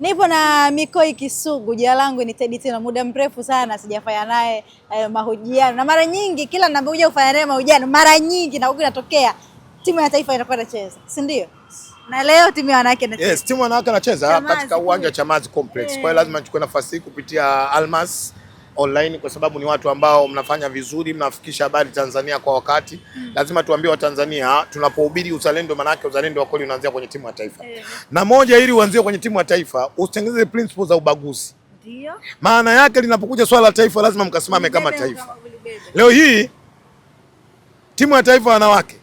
Nipo na Mikoi Kisugu. Jina langu ni Teddy Tino. Muda mrefu sana sijafanya naye eh, mahojiano, na mara nyingi kila ninapokuja kufanya naye mahojiano, mara nyingi na huko inatokea timu ya taifa inakuwa inacheza, si ndio? Na leo timu ya wanawake inacheza. Yes, timu ya wanawake inacheza katika uwanja wa Chamazi Complex. Kwa hiyo eh. lazima nichukue nafasi hii kupitia Almas online kwa sababu ni watu ambao mnafanya vizuri, mnafikisha habari Tanzania kwa wakati mm. Lazima tuambie Watanzania tunapohubiri uzalendo, manake uzalendo wa kweli unaanzia kwenye timu ya taifa yeah. Na moja, ili uanzie kwenye timu ya taifa usitengeneze principles za ubaguzi. Ndio maana yake linapokuja swala la taifa lazima mkasimame kama taifa. Leo hii timu ya taifa wanawake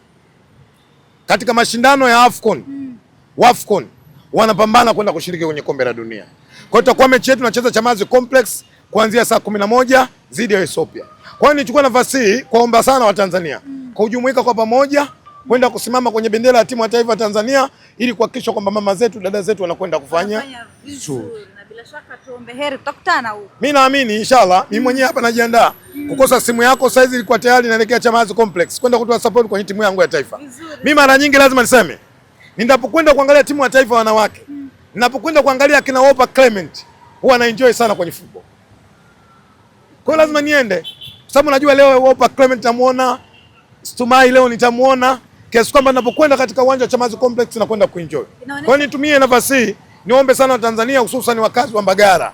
katika mashindano ya Afcon mm. Wafcon wanapambana kwenda kushiriki kwenye kombe la dunia. Kwa hiyo tutakuwa mechi yetu tunacheza Chamazi Complex kuanzia saa kumi na moja dhidi ya Ethiopia. Kwa hiyo nichukua nafasi hii kuomba sana Watanzania kujumuika kwa pamoja kwenda kusimama kwenye bendera ya timu ya taifa Tanzania ili kuhakikisha kwamba mama zetu dada zetu wanakwenda kufanya vizuri. Na bila shaka tuombe heri, tutakutana huko. Mimi naamini inshallah. Mimi mwenyewe hapa najiandaa kukosa simu yako saizi, ilikuwa tayari naelekea Chamazi Complex kwenda kutoa support kwenye timu yangu ya taifa. Mimi mara nyingi lazima niseme, ninapokwenda kuangalia timu ya taifa wanawake, ninapokwenda kuangalia kina Opa Clement, huwa na enjoy sana kwenye football. Kwa hiyo lazima niende, kwa sababu najua leo Wopa Clement tamuona, Stumai leo nitamuona, kiasi kwamba ninapokwenda katika uwanja wa Chamazi Complex na kwenda kuenjoy. Kwa hiyo nitumie nafasi hii niombe sana Watanzania, hususan wakazi wa Mbagara,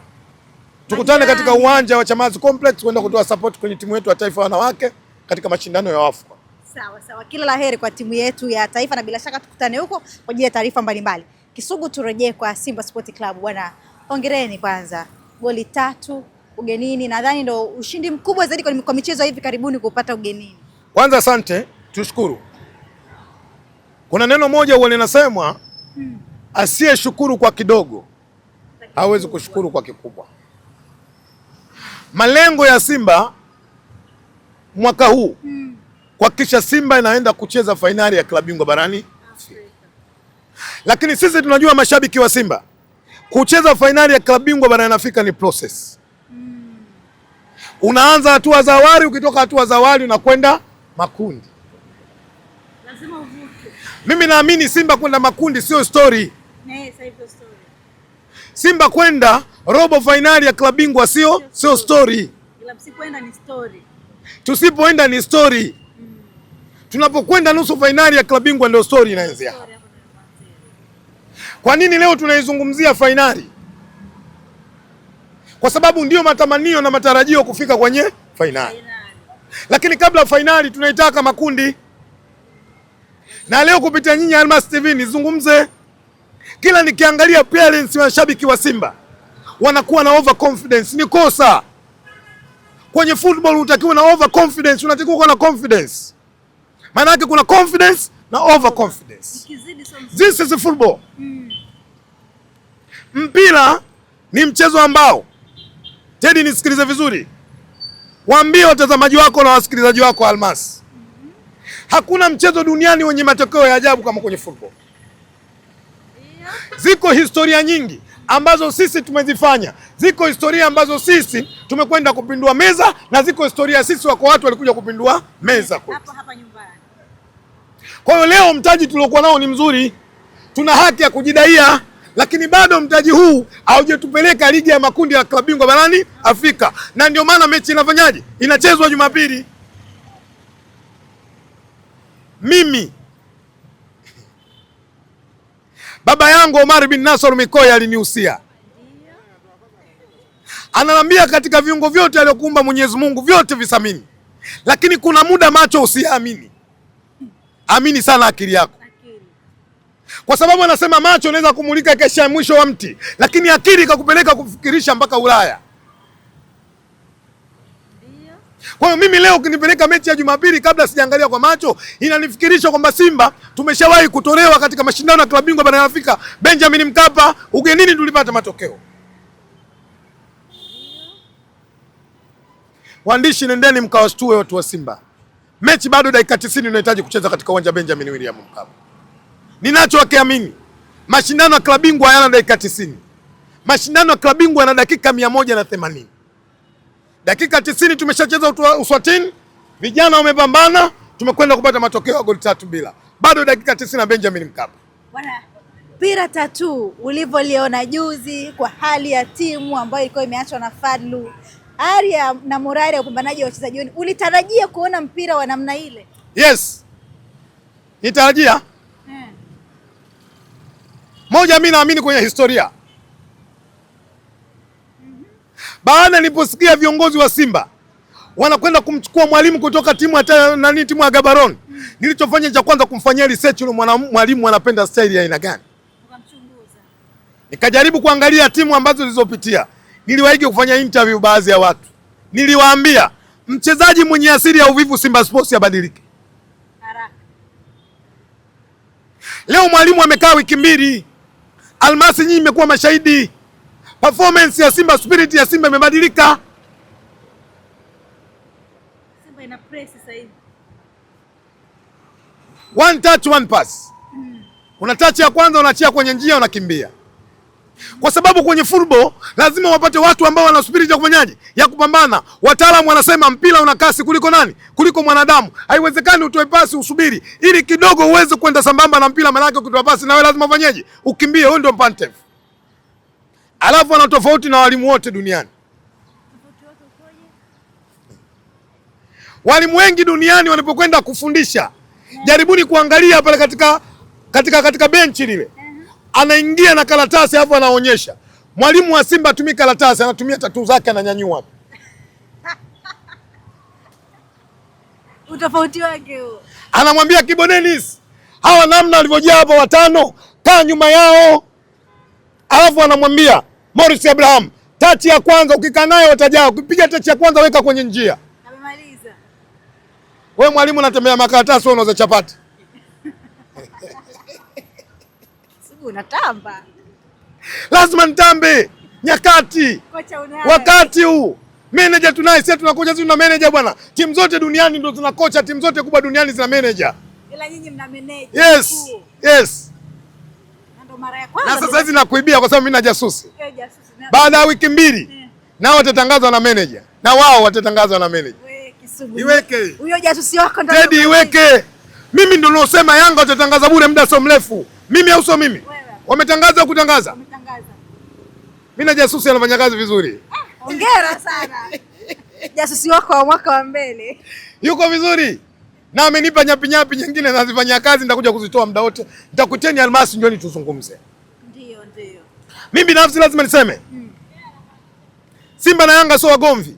tukutane katika uwanja wa Chamazi Complex kwenda kutoa support kwenye timu yetu ya taifa wanawake katika mashindano ya Waafrika. Sawa sawa, kila la heri kwa timu yetu ya taifa, na bila shaka tukutane huko kwa ajili ya taarifa mbalimbali. Kisugu, turejee kwa Simba Sport Club bwana, hongereni kwanza, goli tatu ugenini. Nadhani ndo ushindi mkubwa zaidi kwa michezo hivi karibuni kupata ugenini. Kwanza asante, tushukuru. Kuna neno moja huwa linasemwa, hmm, asiyeshukuru kwa kidogo hawezi kushukuru kwa kikubwa. Malengo ya Simba mwaka huu hmm, kuhakikisha Simba inaenda kucheza fainali ya klabu bingwa barani Afrika. Lakini sisi tunajua mashabiki wa Simba kucheza fainali ya klabu bingwa barani Afrika ni process unaanza hatua za awali, ukitoka hatua za awali unakwenda makundi. Lazima uvuke. Mimi naamini Simba kwenda makundi sio story. Simba kwenda robo fainali ya klabu bingwa sio sio story. Tusipoenda ni story. Tunapokwenda nusu fainali ya klabu bingwa ndio story inaanzia. Kwa nini leo tunaizungumzia fainali? kwa sababu ndiyo matamanio na matarajio kufika kwenye fainali. Lakini kabla fainali tunaitaka makundi, na leo kupitia nyinyi Almas TV nizungumze. Kila nikiangalia parents shabiki wa Simba wanakuwa na overconfidence, ni kosa kwenye football utakiwa na overconfidence, unatakiwa kuwa na confidence. Maana yake kuna confidence na overconfidence. This is football. Mm. Mpira ni mchezo ambao Tedi, nisikilize vizuri, waambie watazamaji wako na wasikilizaji wako Almas, hakuna mchezo duniani wenye matokeo ya ajabu kama kwenye football. Ziko historia nyingi ambazo sisi tumezifanya, ziko historia ambazo sisi tumekwenda kupindua meza, na ziko historia sisi wako watu walikuja kupindua meza nyumbani. Kwa hiyo leo mtaji tuliokuwa nao ni mzuri, tuna haki ya kujidaia lakini bado mtaji huu haujatupeleka ligi ya makundi ya klabu bingwa barani Afrika, na ndio maana mechi inafanyaje, inachezwa Jumapili. Mimi baba yangu Omar bin Nasor Mikoya alinihusia, ananiambia katika viungo vyote aliyokuumba Mwenyezi Mungu vyote visamini, lakini kuna muda macho usiamini, amini sana akili yako kwa sababu anasema macho unaweza kumulika kesha mwisho wa mti, lakini akili ikakupeleka kufikirisha mpaka Ulaya. Kwa hiyo mimi leo ukinipeleka mechi ya Jumapili, kabla sijaangalia kwa macho, inanifikirisha kwamba Simba tumeshawahi kutolewa katika mashindano ya klabu bingwa barani Afrika, Benjamin Mkapa, ugenini tulipata matokeo. Waandishi, nendeni mkawastue watu wa Simba, mechi bado dakika 90 inahitaji kucheza katika uwanja Benjamin William Mkapa ninachokiamini mashindano ya klabu bingwa hayana dakika 90. Mashindano ya klabu bingwa yana dakika 180. Dakika 90 tumeshacheza Uswatini, vijana wamepambana, tumekwenda kupata matokeo ya goli tatu bila, bado dakika 90 na Benjamin Mkapa. Bwana Pira tatu ulivyoliona juzi kwa hali ya timu ambayo ilikuwa imeachwa na Fadlu, aria na morali ya upambanaji wa wachezaji wenu, ulitarajia kuona mpira wa namna ile? Yes, nitarajia moja, mimi naamini kwenye historia. Baada niliposikia viongozi wa Simba wanakwenda kumchukua mwalimu kutoka timu ya nani, timu ya Gabaron, nilichofanya cha kwanza kumfanyia research yule mwalimu anapenda staili ya aina gani, nikajaribu kuangalia timu ambazo zilizopitia. niliwaiga kufanya interview baadhi ya watu, niliwaambia mchezaji mwenye asili ya uvivu Simba Sports abadilike. Leo mwalimu amekaa wiki mbili Almasi nyinyi mmekuwa mashahidi, performance ya Simba, spirit ya Simba imebadilika. Simba ina press sasa hivi, one touch one pass. Mm. Una touch ya kwanza, unaachia kwenye njia, unakimbia kwa sababu kwenye football lazima wapate watu ambao wana spirit ya kufanyaje, ya kupambana. Wataalamu wanasema mpira una kasi kuliko nani? Kuliko mwanadamu. Haiwezekani utoe pasi usubiri ili kidogo uweze kwenda sambamba na mpira, maana yake ukitoa pasi na wewe lazima ufanyeje, ukimbie. Huyo ndio Pantev. Alafu ana tofauti na walimu wote duniani. Walimu wengi duniani wanapokwenda kufundisha, jaribuni kuangalia pale katika katika katika benchi lile anaingia na karatasi hapo anaonyesha. Mwalimu wa Simba atumii karatasi, anatumia tatu zake ananyanyua. Utofauti wake huo. Anamwambia Kibonenis, hawa namna walivyojaa hapo watano, kaa nyuma yao. Alafu anamwambia Morris Abraham, tachi ya kwanza ukikaa nayo watajaa, ukipiga tachi ya kwanza weka kwenye njia. Amemaliza. Wewe mwalimu unatembea makaratasi, wewe chapati. unatamba, lazima nitambe nyakati wakati huu meneja tunaye sisi, tunakocha sisi, tuna meneja bwana. Timu zote duniani ndio zina kocha, timu zote kubwa duniani zina meneja, ila nyinyi mna meneja. Yes, yes. Na sasa hizi nakuibia kwa sababu mimi na jasusi, baada ya wiki mbili eh. nao watatangazwa na meneja na wao watatangazwa na meneja. Iweke huyo jasusi wako ndio iweke. Mimi ndio naosema Yanga watatangaza bure muda sio mrefu mimi au sio mimi? Wametangaza kutangaza, mimi na jasusi anafanya kazi vizuri. Ah, hongera sana jasusi wako wa mwaka wa mbele yuko vizuri na amenipa nyapinyapi nyingine nazifanyia kazi, nitakuja kuzitoa muda wote, nitakuteni Almasi, njoni tuzungumze. Ndio, ndio. Mimi binafsi lazima niseme hmm. Simba na Yanga sio wagomvi,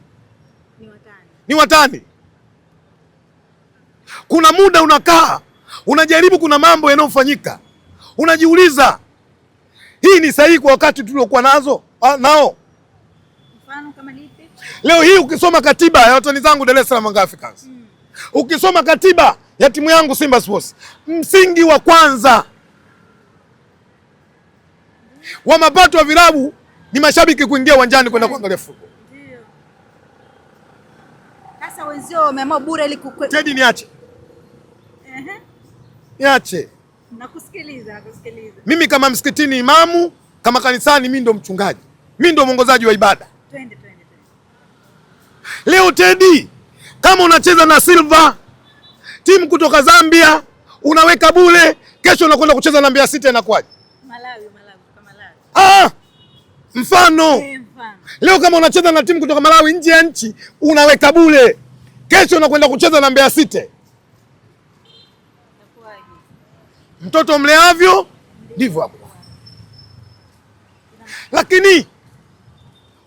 ni watani, ni watani. Kuna muda unakaa unajaribu, kuna mambo yanayofanyika unajiuliza hii ni sahihi kwa wakati tuliokuwa nazo ah, nao. Mfano kama lipi? Leo hii ukisoma katiba ya watani zangu Dar es Salaam Young Africans hmm. ukisoma katiba ya timu yangu Simba Sports, msingi wa kwanza wa mapato ya vilabu ni mashabiki kuingia uwanjani kwenda kuangalia football. Sasa wenzio wameamua bure ili niache. Niache. Nakusikiliza, nakusikiliza. Mimi kama msikitini imamu, kama kanisani mimi ndo mchungaji, mimi ndo mwongozaji wa ibada. Twende, twende, twende. Leo Teddy, kama unacheza na Silva timu kutoka Zambia unaweka bule kesho unakwenda kucheza na Mbeya City, inakuwaje? Malawi, Malawi, Malawi. Ah, mfano. Eh, mfano leo kama unacheza na timu kutoka Malawi nje ya nchi unaweka bule kesho unakwenda kucheza na Mbeya City. Mtoto mleavyo ndivyo hapo. Lakini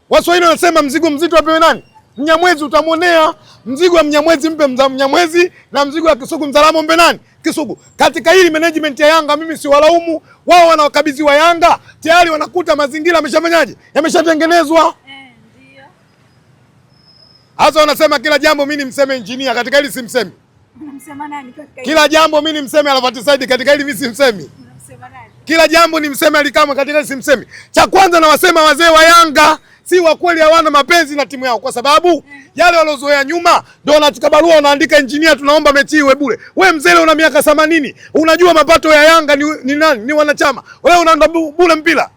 Waswahili wanasema mzigo mzito apewe nani? Mnyamwezi utamwonea. Mzigo wa Mnyamwezi mpe Mnyamwezi, na mzigo wa Kisugu mzalamo mpe nani? Kisugu. Katika hili management ya Yanga mimi siwalaumu wao, wa Yanga tayari wanakuta mazingira yameshafanyaje, yameshatengenezwa eh, hasa. Wanasema kila jambo, mimi nimseme injinia, katika hili simsemi. Kila jambo mi ni mseme Alvertisaid katika hili mimi simsemi. Kila jambo ni mseme Alikamwe katika hili simsemi. Cha kwanza nawasema wazee wa Yanga si wa kweli, hawana mapenzi na timu yao kwa sababu mm, yale waliozoea nyuma ndio wanachika barua wanaandika injinia, tunaomba mechi iwe bure. Wewe mzee una miaka 80 unajua mapato ya Yanga ni, ni nani? Ni wanachama. Wewe unaenda bure mpira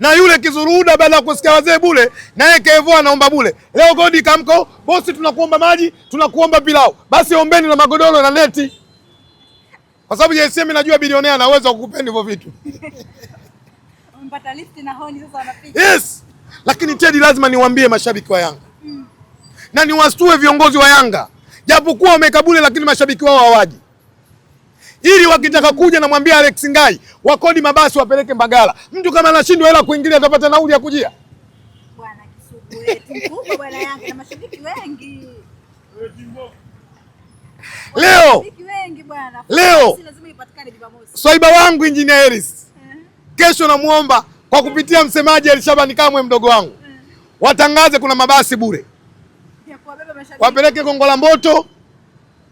na yule kizuruda baada ya kusikia wazee bule, yeye kevo anaomba bule. Leo godi kamko bosi, tunakuomba maji, tunakuomba pilau, basi ombeni na magodoro na neti, kwa sababu JSM najua bilionea ana uwezo wa kukupenda hivyo vitu yes. Lakini Tedi, lazima niwaambie mashabiki wa Yanga mm, na niwastue viongozi wa Yanga, japokuwa wameka bule, lakini mashabiki wao hawaji ili wakitaka kuja, namwambia Alex Ngai wakodi mabasi wapeleke Mbagala. Mtu kama anashindwa hela kuingilia atapata nauli ya kujia bwana Kisugu leo leo swaiba wangu Injinia Heris eh? kesho namwomba kwa kupitia msemaji Elshabani Kamwe, mdogo wangu, eh. watangaze kuna mabasi bure, wapeleke Gongo la Mboto,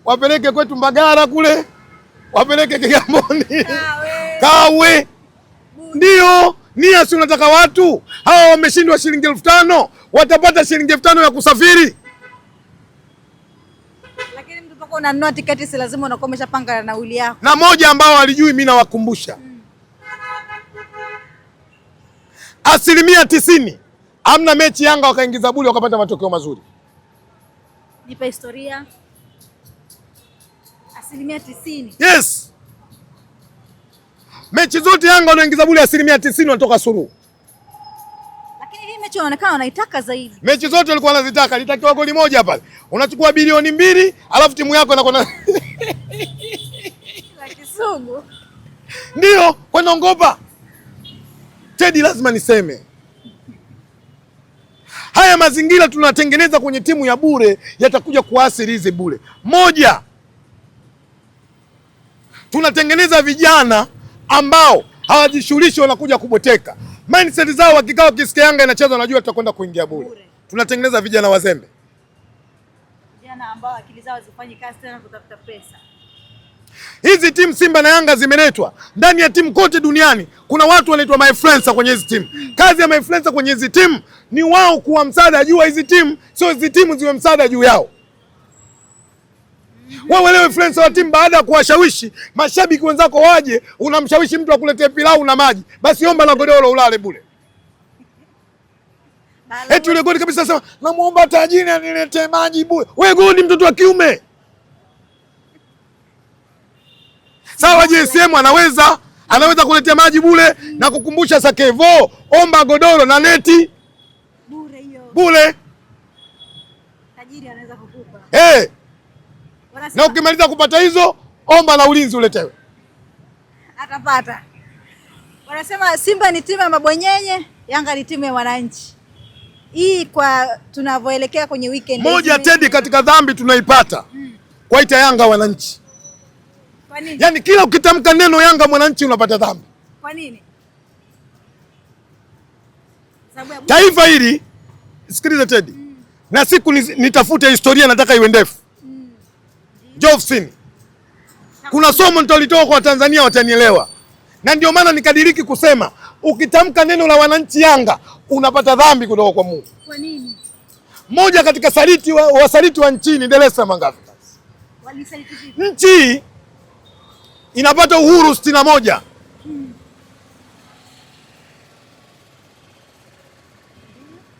wapeleke kwetu Mbagara kule wapeleke Kigamboni Kawe. Ndio nia, si unataka watu hawa wameshindwa shilingi elfu tano watapata shilingi elfu tano ya kusafiri. unanunua tiketi, si lazima unakuwa umeshapanga na nauli yako. Na moja ambao alijui, mimi nawakumbusha hmm. asilimia tisini amna mechi Yanga wakaingiza buli wakapata matokeo mazuri. Nipe historia asilimia tisini. Yes, mechi zote Yanga wanaingiza buli asilimia tisini, wanatoka suru. Lakini hii mechi inaonekana wanaitaka zaidi. Mechi zote walikuwa wanazitaka, litakiwa goli moja pale, unachukua bilioni mbili, alafu timu yako inakwenda la kisugu ndio kwenda ngopa. Tedi, lazima niseme haya mazingira tunatengeneza kwenye timu ya bure yatakuja kuathiri hizi bure. Moja, tunatengeneza vijana ambao hawajishughulishi wanakuja kuboteka. Mindset zao wakikaa wakisikia Yanga inacheza wanajua tutakwenda kuingia bure. Tunatengeneza vijana wazembe, vijana ambao akili zao zifanye kazi tena kutafuta pesa. Hizi timu Simba na Yanga zimeletwa ndani ya timu kote duniani, kuna watu wanaitwa mainfluencer kwenye hizi timu. Kazi ya mainfluencer kwenye hizi timu ni wao kuwa msaada juu ya hizi timu, sio hizi timu ziwe msaada juu yao. Wewe influencer wa timu, baada ya kuwashawishi mashabiki wenzako waje, unamshawishi mtu akuletee pilau na maji, basi omba na godoro ulale bure. Eti yule godi kabisa sema, namuomba tajiri aniletee maji bure. Wewe godi, mtoto wa kiume. Sawa, JSM anaweza anaweza kuletea maji bure na kukumbusha Sakevo, omba godoro na neti bure. Tajiri anaweza kukupa. Eh na ukimaliza kupata hizo, omba la ulinzi uletewe. Atapata. Wanasema Simba ni timu ya mabwenyenye, Yanga ni timu ya wananchi. Hii kwa tunavyoelekea kwenye weekend. Moja tendi katika dhambi tunaipata hmm, kwaita Yanga wananchi. Kwa nini? Yaani kila ukitamka neno Yanga mwananchi unapata dhambi. Kwa nini? Taifa hili sikiliza Tedi, hmm, na siku nitafute historia, nataka iwe ndefu Jofsin. Kuna somo nitalitoa kwa tanzania watanielewa, na ndio maana nikadiriki kusema ukitamka neno la wananchi Yanga unapata dhambi kutoka kwa Mungu. Kwa nini? Mmoja katika saliti wa, wasaliti wa nchini Dar es Salaam ngapi? Nchi inapata uhuru sitini na moja hmm.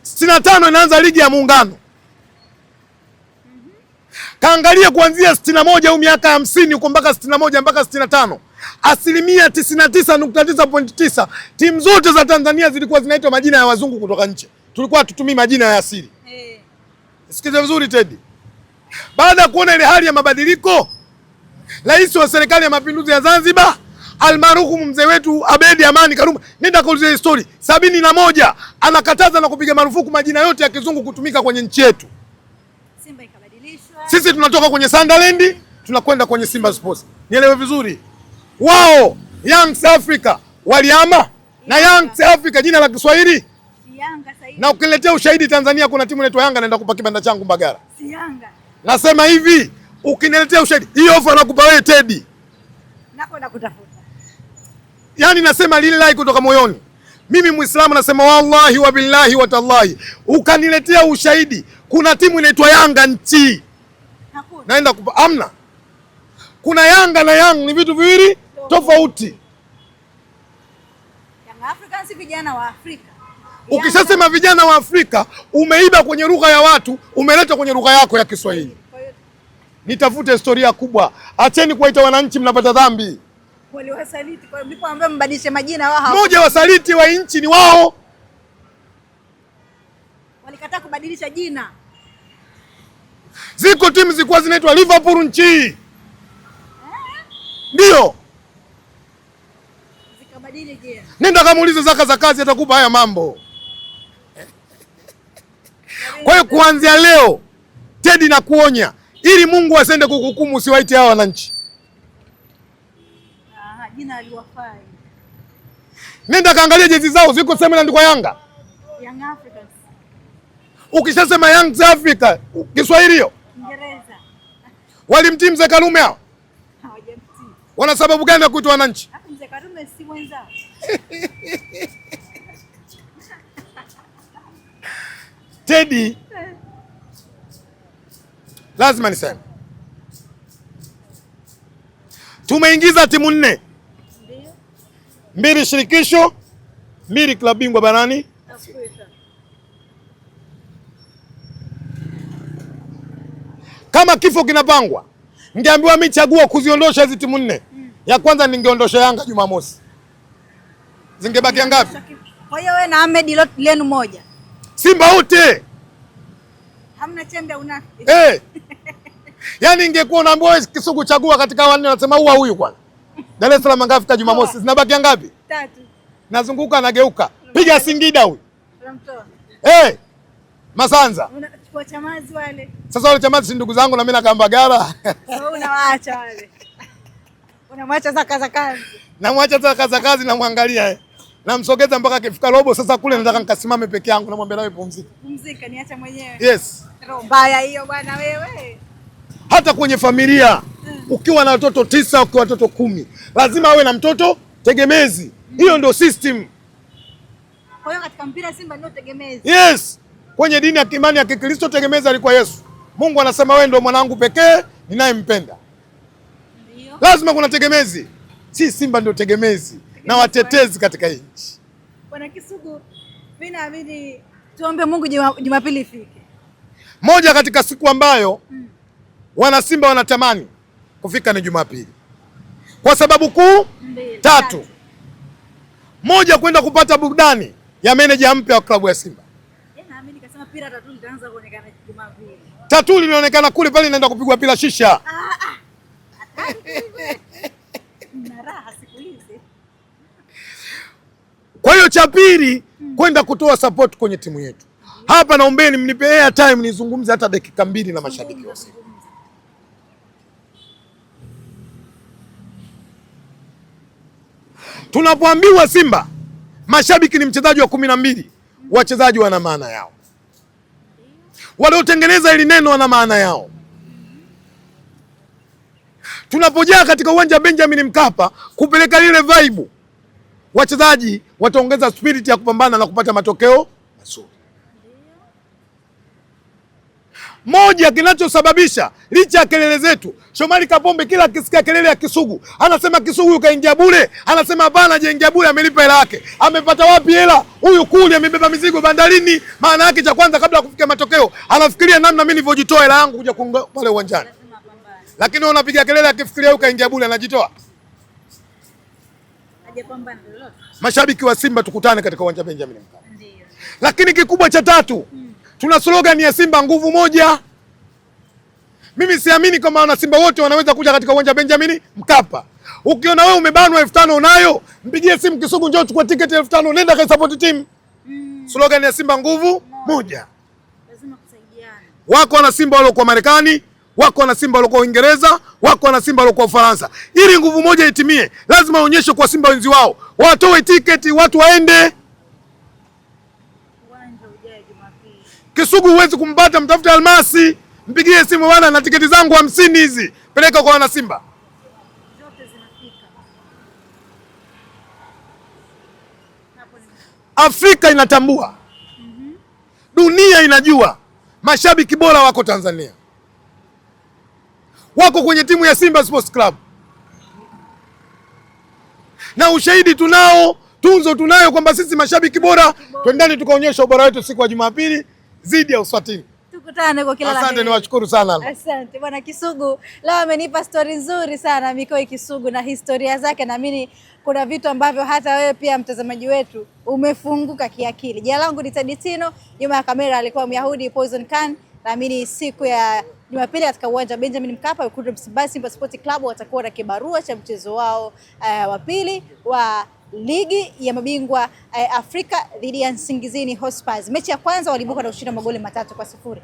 sitini na tano inaanza ligi ya muungano Kaangalie kuanzia 61 au miaka 50 huko mpaka 61 mpaka 65. Asilimia 99.9.9 timu zote za Tanzania zilikuwa zinaitwa majina ya wazungu kutoka nje. Tulikuwa tutumii majina ya asili. Hey. Eh. Sikiza vizuri Teddy. Baada ya kuona ile hali ya mabadiliko, Rais wa Serikali ya Mapinduzi ya Zanzibar almarhumu mzee wetu Abedi Amani Karume, nenda kaulize story. Sabini na moja anakataza na kupiga marufuku majina yote ya kizungu kutumika kwenye nchi yetu Simba. Sisi tunatoka kwenye Sunderland tunakwenda kwenye Simba Sports. Nielewe vizuri, wao Young Africa waliama na Young Africa jina la Kiswahili na ukiletea ushahidi Tanzania kuna timu inaitwa Yanga, naenda kupa kibanda changu Mbagara. Si Yanga. Nasema hivi, ukiniletea ushahidi hiyo ofa nakupa wewe Teddy. na kutafuta. Yaani nasema like kutoka moyoni. Mimi Muislamu nasema wallahi wa billahi wa tallahi. Ukaniletea ushahidi kuna timu inaitwa Yanga nchi Hakuna. Naenda kupa amna. Kuna Yanga na Young ni vitu viwili tofauti. Yanga Afrika si vijana wa Afrika. Ukishasema vijana wa Afrika umeiba kwenye lugha ya watu, umeleta kwenye lugha yako ya Kiswahili. Nitafute historia kubwa. Acheni kuwaita wananchi mnapata dhambi. Waliwasaliti kwa hiyo ambao mbadilishe majina wao. Moja wasaliti wa nchi ni wao. Walikataa kubadilisha jina. Ziko timu zilikuwa zinaitwa Liverpool nchi hii, ndio nenda kamuulize zaka za kazi, atakupa haya mambo. Kwa hiyo kuanzia leo Tedi na kuonya ili Mungu asende kukuhukumu, usiwaite hawa wananchi. Nenda kaangalia jezi zao ziko na kwa Yanga, Yanga Ukishasema Young Africa Kiswahili hiyo walimtii mzee Karume hao, wana sababu gani ya kuitwa wananchi? Teddy. lazima niseme tumeingiza timu nne, mbili shirikisho, mbili klabu bingwa barani Afrika. Kama kifo kinapangwa, ningeambiwa mimi chaguo kuziondosha hizi timu nne. Ya kwanza ningeondosha Yanga Jumamosi, zingebakia ngapi? Kwa hiyo wewe na Ahmed lot lenu moja, Simba wote hamna chembe una eh. Yaani ingekuwa unaambiwa wewe Kisugu chagua katika wanne, anasema huwa huyu bwana. Dar es Salaam ngapi Jumamosi? Zinabakia ngapi? Tatu. Nazunguka nageuka, piga Singida huyu. Eh. Masanza. Unachukua Chamazi wale. Sasa wale Chamazi si ndugu zangu na mimi na Kambagala. Wewe unawaacha wale. Unamwacha saka za kazi. Namwacha saka za kazi namwangalia. Namsogeza mpaka akifika robo sasa kule nataka nikasimame peke yangu namwambia nawe pumzika. Pumzika niacha mwenyewe. Yes. Roho mbaya hiyo bwana wewe. Hata kwenye familia hmm. Ukiwa na watoto tisa, ukiwa watoto kumi lazima awe na mtoto tegemezi. Hiyo hmm. Ndio system. Kwa hiyo katika mpira Simba ndio tegemezi. Yes kwenye dini ya kiimani ya Kikristo tegemeza alikuwa Yesu. Mungu anasema wewe ndio mwanangu pekee ninayempenda. Lazima kuna tegemezi. Si Simba ndio tegemezi na watetezi katika nchi. Bwana Kisugu, mimi naamini tuombe Mungu Jumapili ifike. Moja katika siku ambayo hmm, wana Simba wanatamani kufika ni Jumapili kwa sababu kuu tatu. Moja, kwenda kupata burudani ya meneja mpya wa klabu ya Simba pira tatu litaanza kuonekana kule. Tatu kule pale inaenda kupigwa pira shisha. Ah, ah. Kwa hiyo cha pili hmm, kwenda kutoa support kwenye timu yetu hapa, naombeni mnipe airtime nizungumze hata dakika mbili na mashabiki wase tunapoambiwa Simba mashabiki ni mchezaji wa kumi na mbili, hmm. wachezaji wana maana yao waliotengeneza hili neno wana maana yao. Tunapojaa katika uwanja wa Benjamin Mkapa kupeleka lile vibe, wachezaji wataongeza spirit ya kupambana na kupata matokeo mazuri. Moja kinachosababisha licha ya kelele zetu, Shomari Kapombe kila akisikia kelele ya Kisugu anasema Kisugu huyu kaingia bure, anasema hapana, hajaingia bure, amelipa hela yake. Amepata wapi hela? Huyu kuli amebeba mizigo bandarini. Maana yake cha kwanza, kabla ya kufikia matokeo, anafikiria namna mimi nilivyojitoa hela yangu kuja pale uwanjani, lakini wewe unapiga kelele akifikiria huyu kaingia bure, anajitoa. Mashabiki wa Simba, tukutane katika uwanja wa Benjamin Mkapa. Lakini kikubwa cha tatu hmm. Tuna slogan ya Simba nguvu moja. Mimi siamini kama wana Simba wote wanaweza kuja katika uwanja Benjamin Mkapa. Ukiona wewe umebanwa elfu tano unayo, mpigie simu Kisugu, njoo chukua tiketi elfu tano nenda ka support team. Mm. Slogan ya Simba nguvu moja. Lazima kusaidiana. Wako wana Simba kwa Marekani, wako wana Simba kwa Uingereza, wako wana Simba kwa Ufaransa. Ili nguvu moja itimie, lazima waonyeshe kwa Simba wenzi wao. Watoe tiketi watu waende. Kisugu huwezi kumpata, mtafute Almasi, mpigie simu bwana, na tiketi zangu hamsini hizi peleka kwa wana Simba. Afrika inatambua mm -hmm. Dunia inajua mashabiki bora wako Tanzania, wako kwenye timu ya Simba Sports Club, na ushahidi tunao, tunzo tunayo kwamba sisi mashabiki bora. Twendani tukaonyesha ubora wetu siku ya Jumapili dhidi ya uswatini. Tukutane kwa kila Asante, niwashukuru sana. Asante bwana Kisugu, leo amenipa stori nzuri sana Mikoi Kisugu na historia zake. Naamini kuna vitu ambavyo hata wewe pia mtazamaji wetu umefunguka kiakili. Jina langu ni Taditino, nyuma ya kamera alikuwa Myahudi Poison Khan. Naamini siku ya Jumapili katika uwanja wa Benjamin Mkapa Wekundu Simba Sports Club watakuwa na kibarua cha mchezo wao uh, wa pili wa ligi ya mabingwa eh, Afrika dhidi ya Nsingizini Hotspurs. Mechi ya kwanza waliibuka na ushindi wa magoli matatu kwa sifuri.